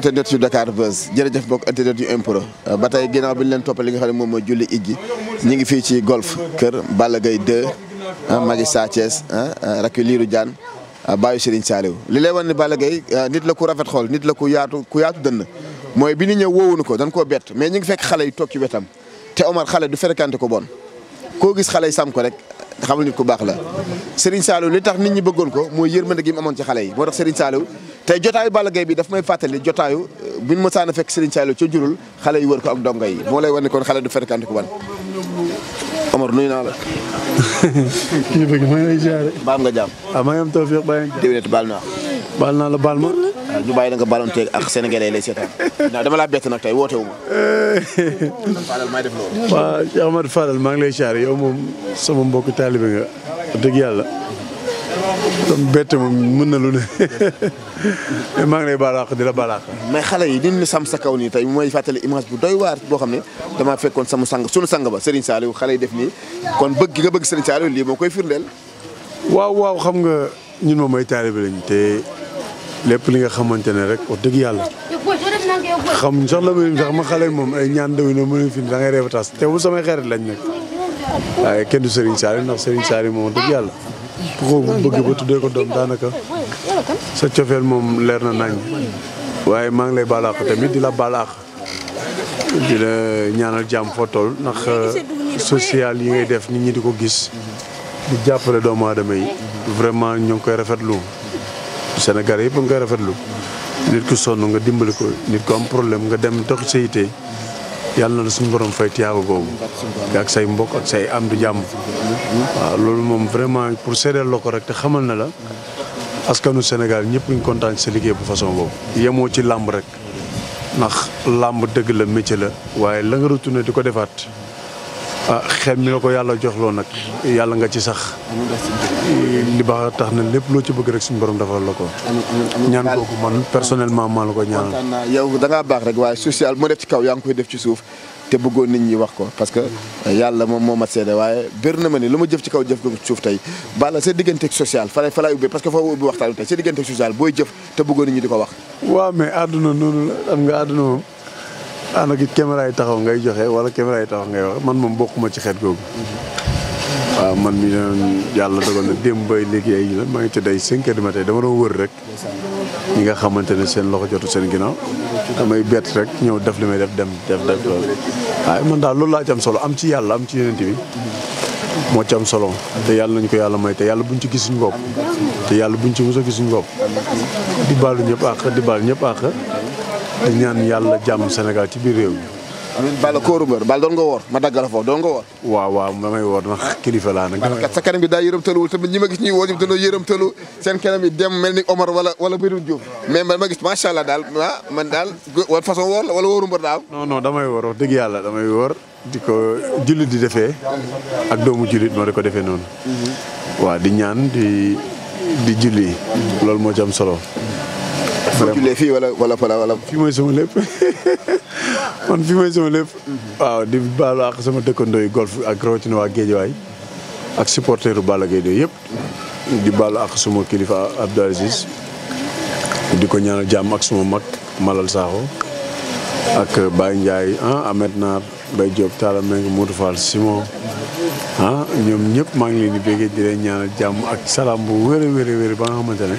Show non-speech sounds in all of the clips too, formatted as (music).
internet yu Dakar Buzz jërëjëf bokk internet yu ba tey ginnaaw bi ñu leen toppal li nga xam ne moom gi ñu ngi fii ci golf kër Balla Gaye 2 ah, magi Sa Thiès ah, ah, rakki Lirou Diane baayu Serigne Saliou li lay wan ni Balla Gaye nit la ku rafet xool nit la ku yaatu ku yaatu dënn mooy bi ni ñëw woowuñu ko dañ koo bett mais ñu ngi fekk xale yi toog ci wetam te Omar xale du fréquenté ko bon koo gis xale yi sam ko rek te xamal nit ku baax la Serigne Saliou li tax nit ñi bëggoon ko mooy yërmande gi mu amoon ci xale yi moo tax Serigne Saliou tey jotaayu Balla Gaye bi daf may fàttali jotaayu euh, buñ ma saan fekk Serigne Saliou ca jurul xale yi wër ko ak dongo yi moo lay wan ne kon xale du fréquenté ko ban Omar nuyu naa la. ñu (laughs) bëgg maa ngi lay ziare. baam nga jàmm. waaw ah, maa ngi naa la baal naa la baal ma. waaw ñu bàyyi la nga balonteeg ak sénégalais lay seetaan dama laa bett nag tey woote wu ma. waaw Cheikh Ahmad maa ngi lay siyaar yow moom sama mbokk taalibe nga dëgg yàlla. tam bett moom mën na lu ne (laughs) maa ngi lay baalaax di la baalaax. mais xale yi ni ñu sam sa kaw nii tey mooy fàttali image bu doy waar boo xam ne damaa fekkoon sama sang sunu sang ba Serigne Saliou xale yi def nii kon bëgg nga bëgg Serigne Saliou lii moo koy firndeel. waaw waaw xam nga ñun moom ay lépp li nga xamante ne rek wax dëgg yàlla xam sax la muy sax moom ay ñaan daw na mënuñ fi da ngay lañ nag waaye kenn du Serigne Saliou ndax Serigne Saliou moom dëgg yàlla ku ko bëgg tuddee ko doom daanaka sa cofeel moom leer na nañ waaye maa ngi lay balaax àq tamit di la balaax àq di la ñaanal jàmm foo ndax euh, social yi ngay def nit ñi di ko gis di jàppale doomu aadama yi vraiment ñoo ngi koy rafetlu Sénégal yëpp nga rafetlu nit ku sonn nga dimbali ko nit ku am problème nga dem dox sa yite yàlla na la suñu borom fay tiyaaba boobu ak say mbokk ak say am du jàmm waaw loolu moom vraiment pour seedeel la ko rek te xamal na la askanu Sénégal ñëpp ñu kontaan ci sa liggéey bu façon boobu yemoo ci làmb rek ndax làmb dëgg la métier la waaye la nga di ko defaat ah xeeb mi la ko yàlla joxloo nag yàlla nga ci sax li ba tax na lépp loo ci bëgg rek suñu borom defal la ko ñaan kooku man personnellement maa la ko ñaanal yow da ngaa baax rek waaye social moo def ci kaw yaa ngi koy def ci suuf te bëggoon nit ñi wax ko parce que yàlla moom moo ma seede waaye bér na ma ni lu ma jëf ci kaw jëf ko ci suuf tey bala sa digganteeg social fa fa laay ubbi waxtaan tey sa digganteeg social booy jëf te bëggoon nit ñi di ko wax waaw mais àdduna noonu la am nga àdduna moom ànd ah, ak it yi taxaw ngay joxe wala caméra yi taxaw ngay man moom bokkuma ci xeet googu. waaw ah, man mi doon yàlla dogal na démb bay léegi ay la maa ngi tëdd ay 5 heures du matin dama doon wër ñi nga xamante ne seen loxo jotu seen ginnaaw damay bett rek ñëw def li may def dem def def loolu waaye ah, man daal loolu laa ci solo am ci yàlla am ci yonent bi moo ci am solo te yàlla nañ ko yàlla may te yàlla buñ ci gis suñu bopp te yàlla buñ ci mos a gis suñu bopp di baalu ñëpp àq di baal ñëpp àq di ñaan yàlla jàmm Sénégal ci biir réew mi. amiin Balla kóoru doon nga woor ma daggal foofu doon nga woor. waaw waaw damay woor ndax kilifa laa nag. damay kat sa kanam bi daa yërëmtaluwul tamit ñi ma gis ñuy woo ñoom dañoo yërëmtalu seen kanam yi dem mel ni Omar wala wala Birame Diouf mais ma gis macha allah daal ah man daal wala façon woor wala wóoru mbër daaw. non damay woor wax dëgg yàlla damay woor di ko jullit di defee ak doomu jullit moo di ko defee noonu. Mhm. waa di ñaan di di julli. loolu moo ci solo. vraiment jullee fii wala wala fala wala. fii mooy sama lépp (laughs) man fii waaw di baalu àq sama dëkkandoo yi golf ak rawatina waa Géejawaay ak supporteru Balla Gaye de yëpp. di baalu àq suma kilifa Abdou Aziz di ko ñaanal jàmm ak suma mag Malal Sakho ak Baye Ndiaye ah Ahmed Naar Baye Diop Talla Meng Modou Simon ah, ñoom ñëpp maa ngi leen di béggee di leen ñaanal jàmm ak salaam bu wér a wér a ba nga xamante ne.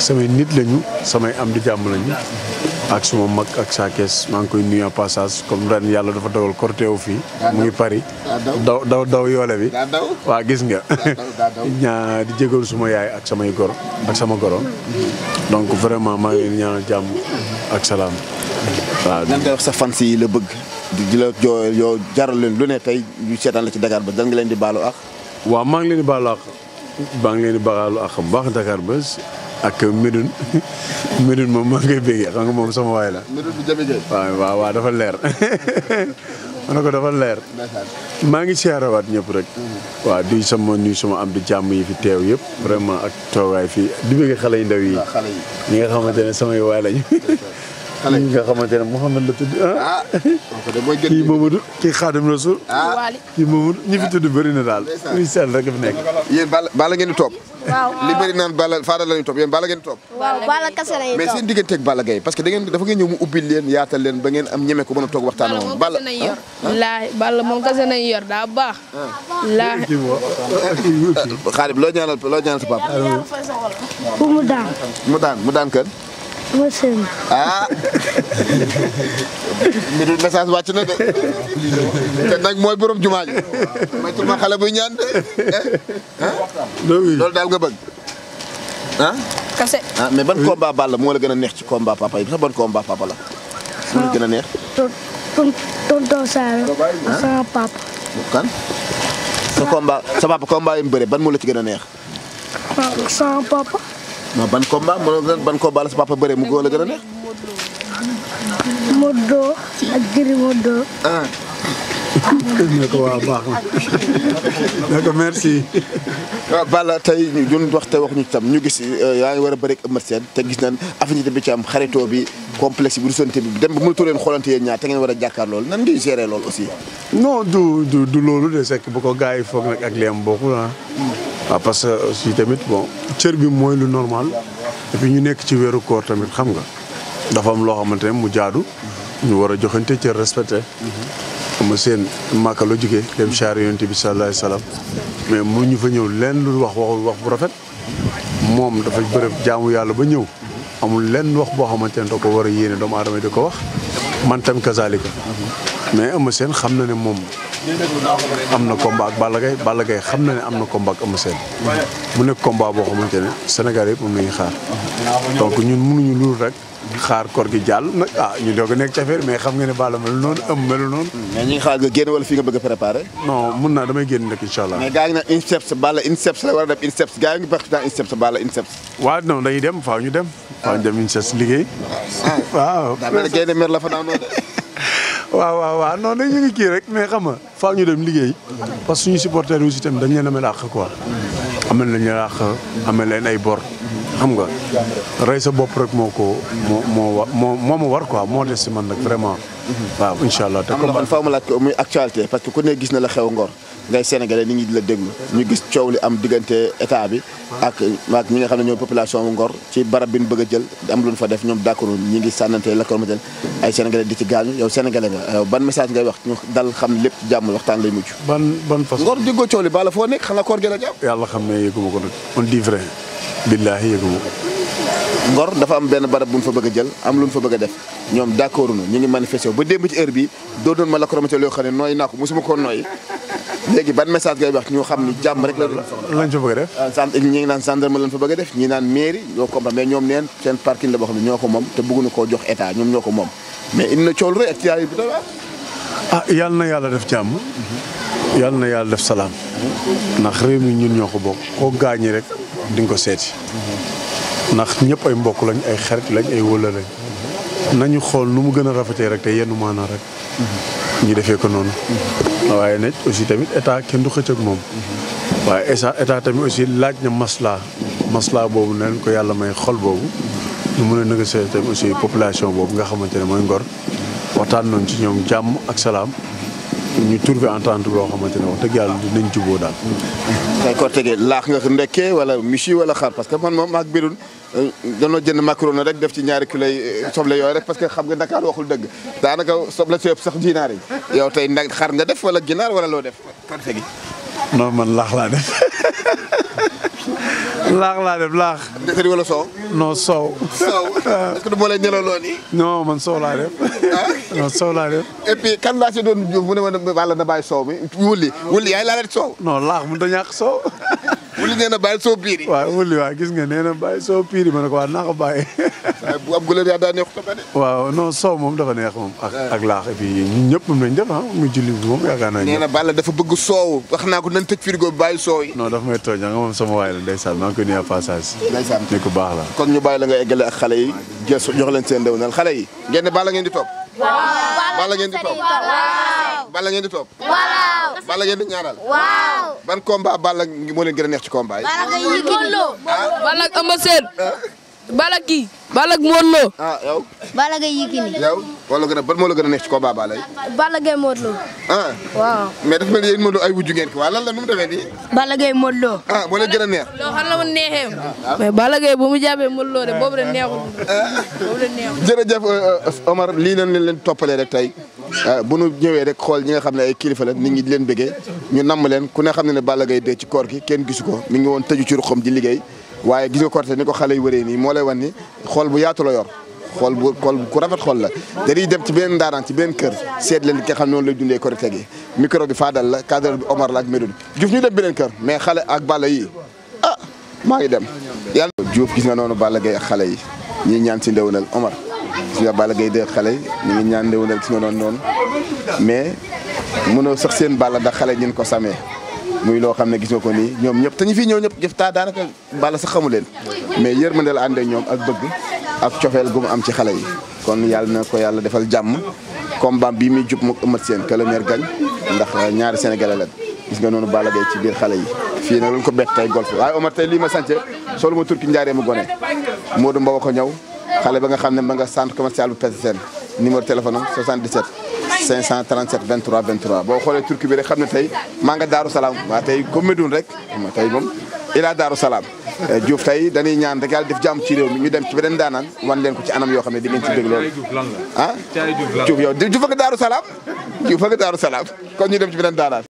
samay nit lañu samay am di jàmm lañu ak suma mag ak saa kees maa ngi koy nuyu en passage comme ren yàlla dafa dogal korte wu fii. mu ngi pari daw daw daw yoole bi. waa gis nga. (laughs) ñaa di jégalu suma yaay ak samay goro ak sama goro. donc vraiment maa ngi ñaanal jàmm ak salaam. waaw nan nga wax sa fans yi la bëgg. di la joo yoo jaral leen lu ne tey ñu seetaan la ci Dakar ba dan nga leen di baalu ak. waaw maa ngi leen di baalu ak. maa ngi leen baax Dakar ak Médoune (laughs) Médoune moom maa ngi koy béggee moom sama waay la. Médoune bu waaw waaw dafa leer (laughs) ma ko dafa leer. maa ngi siyaarawaat ñëpp rek. Mm-hmm. waa di sama nuyu sama am di jàmm yi fi teew yëpp. vraiment ak toogaay fii di bëgg xale yu ndaw yi. ñi nga xamante ne samay waay lañu. xale yi nga xamante ne Mouhamed la tudd ah. ah. (laughs) kii Mamadou kii Xaadim Rasul. ah kii Mamadou ñi fi tudd bëri na daal. muy seen rek fi nekk. yéen Balla Balla ngeen di topp. li bëri naan Balla Fadal la ñuy topp yéen Balla ngeen di topp. waaw Balla mais seen digganteeg Balla Gaye parce que da ngeen dafa ngeen ñëw mu ubbil leen yaatal leen ba ngeen am ñeme ko a toog waxtaan moom. moom kese ah? yor. daa baax. laay xaadim loo ñaanal loo ñaanal sa papa. mu daan mu daan mu Ah. duma seen. message wàcc na de te mooy borom jumaa ji moytu ma xale buy ñaan de eh? loolu daal nga bëgg ah. kase ah mais ban combat Balla moo la gën a neex ci combat papa yi sax ban combat papa la. moo la ah. gën a neex. tonton Saare ah? sama papa. kan sa combat sa yi mu bëre ban moo la ci gën a neex. sama papa. non ban ko mënoon na ban combat la sa papa bëree mu góor la gën a neex. Modou ak Gris Modou. ah. ne ko waaw merci. waaw ah, tey ñun wax tey wax ñu tam ñu gis euh, yaa ngi war a bëri ak Eumeu Sène te gis nañ affinité bi ci am xaritoo bi complexe bi rusante bi dem ba mënatu leen xoolante yéen ñaar te ngeen war a jàkkaar loolu nan ngay gérer loolu aussi. non du loolu de sekk bu ko gars yi foog nag ak li am bokkul ah. waa ah, parce que aussi tamit bon cër bi mooy lu normal et ñu nekk ci weeru koor tamit xam nga dafa am loo xamante ne mu jaadu ñu war a joxante cër respecté ama seen màkka la jógee dem char yonent bi sallallahu alayhi wasallam mais mu ñu fa ñëw lenn lu wax waxu wax bu rafet moom dafa bërëb jaamu yàlla ba ñëw amul lenn wax boo xamante ne da ko war a yéene doomu aadama di ko wax man tam kazalika mais ama xam na ne moom am na combat ak Balla Gaye Balla Gaye xam na ne am na combat ak Eumeu Sène mu ne combat boo xamante ne Sénégal yëpp moom la ñuy xaar donc ñun mënuñu luul rek xaar koor gi jàll nag ah ñu doog a nekk ci mais xam nga ne Balla mel noonu ëm mel noonu mais ñu xaar nga génn wala fii nga bëgg a préparé non mun naa damay génn rek incha allah mais gaa ngi naan Balla INSEPS la war a dem INSEPS gaa yi dem faaw ñu dem faaw ñu dem INSEPS liggéey ah. waaw daa mel ne mer la fa naanoo de (laughs) waaw waaw waaw non nag ñu ngi kii rek mais xam nga faaw ñu dem liggéey parce que suñu supporters aussi tamit dañ leen amel àq quoi amel lañ leen àq amel leen ay bor xam nga rey sa bopp rek moo ko moo moo moo moo ma war quoi moo des si man nag vraiment waaw incha allah te comme faaw ma laaj ko parce que ku ne gis na la xew ngor ngay sénégalais nit ñi di la déglu ñu gis coow li am diggante état bi ak ak ñi nga xam ne ñoo population bu Ngor ci barab bi ñu bëgg a jël am lu ñu fa def ñoom d'accord ñi ngi sànnante lakkormaten ay sénégalais di ci gaañu yow sénégalais nga ban message ngay wax ñu dal xam lépp jàmm waxtaan lay mujj ban ban façon Ngor déggoo coow li bala foo nekk xanaa koor gi la jàmm yàlla xam ne yëguma ko nag on dit vrai billaahi yëguma ko Ngor dafa am benn barab bu ñu fa bëgg a jël am lu ñu fa bëgg a def ñoom d'accord ñu ngi manifesté ba démb ci heure bi doo doon ma la chromaté loo xam ne nooy naa ko mosuma ko nooy léegi ban message ngay wax xam ni jàmm rek la lañ fa bëgg a def ah, sant ñi ngi naan gendarme lañ fa bëgg a def ñi naan mairie yoo comprendre mais ñoom neen seen parking la boo xam ne ñoo ko koo jox état ñoom ñoo ko moom mais in na cool rek a ciyaay bi tawa ah na yàlla def jàmm yàlla na yàlla def salaan ndax réew mi ñun ñoo ko bokk koo gaañi rek di ko seeti ndax ñëpp ay mbokk lañ ay xarit lañ ay wëla lañ nañu xool nu mu gën a rafetee rek te yenn maanaa rek ñu defee ko noonu. waaye nag aussi tamit état kenn du xëcc ak moom. waaye état tamit aussi laaj na maslaa. maslaa boobu ne leen ko yàlla may xol boobu. ñu mun a négocier tamit aussi population boobu nga xamante ne mooy Ngor. waxtaan nañ ci ñoom jàmm ak salaam. ñu trouver entente loo xamante ne wax dëgg yàlla dinañ juboo nga ndekkee wala michu wala xaar parce que man moom maag birun euh, danoo jënd macaroni rek def ci ñaari kilo euh, soble yooyu rek parce que xam nga Dakar waxul dëgg daanaka soble si yëpp sax dinaar yi yow tey nag xar nga def wala ginaar wala loo def korte gi non man laax laa def (laughs) (laughs) laax laa def laax. desali soow. non soow. soow (laughs) est-ce boole ñelaloo nii. non man soow laa def. Ah? (laughs) non soow laa def. et kan laa si ma wàll na bàyyi soow mi wulli wulli yaay laa leen soow. non laax mënut a ñàkk soow. wuli nee na bàyyi soo piir yi. waaw wuli waaw gis nga nee na bàyyi soo piir ma ne ko waaw naa ko bàyyi. daa neex ko de. waaw non soow moom dafa neex moom. ak ah. ak laax et puis ñun ñëpp moom lañ ah, mu julli bi moom yaakaar naa. nee na Balla dafa bëgg soow wax naa ko nañ tëj frigo bi bàyyi soow yi. non dafa may tooñ nga moom sama waay la ndeysaan maa ngi koy nuyu passage. ndeysaan ni ko baax la. kon ñu bàyyi la nga eggale ak xale yi jox leen seen ndewnal xale yi. ngeen ne Balla ngeen di di topp. Balla ngeen di topp. Balla ngeen di ñaanal. ban combat Balla moo leen gën a neex ci combat yi. Balla ngay Yékini. Balla ak Eumeu Sène. Balla kii. Balla wala gën a ban moo gën a neex ci combat baa yi. Balla ngay Modou Lo. ah. waaw mais dafa mel ni yéen ay wujju ngeen ko waaw la nu mu demee nii. Balla ngay Modou Lo. ah moo leen gën a neex. loo xam la mu neexee. Omar lii leen toppalee rek tey Euh, bu nu ñëwee rek xool ñi nga xam ne ay kilifa la nit ñi di leen bëggee ñu namm leen ku ne xam ne ne Balla Gaye dee ci koor gi kenn gisu ko mi ngi woon tëju ci ruxam di liggéey waaye gis nga korte ni ko xale yu wëree nii moo lay wan ni xool bu yaatu la yor xool bu xool ku rafet xool la dañuy dem ci beneen ndaanaan ci benn kër seet leen ki nga xam ne noonu lay dundee korite gi micro bi Fadal la cadre bi Omar la ak Médoune Diouf ñu dem beneen kër mais xale ak Balla yi ah maa ngi dem yàlla Diouf gis nga noonu Balla Gaye xale yi ñii ñaan si ndewnal Omar gis nga Balla gay de xale ñu ngi ñaan ndéwénal gis nga noonu noonu mais mënoo sax seen Balla ndax xale ñin ko samee muy loo xam ne gis ko nii ñoom ñëpp te ñu ñëw ñëpp jëf taa daanaka Balla sax xamu leen mais yërmande la ànd ak ñoom ak bëgg ak cofeel gu mu am ci xale yi kon yàlla na ko yàlla defal jàmm combat bi muy jub mu ëmmat seen que le ndax ñaari sénégalais la gis nga noonu bala Gaye ci biir xale yi fii nag lu ko bett tey golf waaye Omar tey lii ma sànce solu ma turki njaaree mu gone Modou Mbaw ko ñëw xale ba nga xam ne ma nga centre commercial bu PCCN numéro téléphone am 77 537 23 23 boo xoolee turki bi rek xam ne tey maa nga daaru salaam waa tey comme Médoune rek tey ilaa daaru salaam eh, Diouf tey ñaan rek yàlla def jàmm ci réew mi dem ci beneen daanaan wan leen ko ci anam yoo xam ne di ngeen ci dégg loolu ah Diouf yow Diouf ak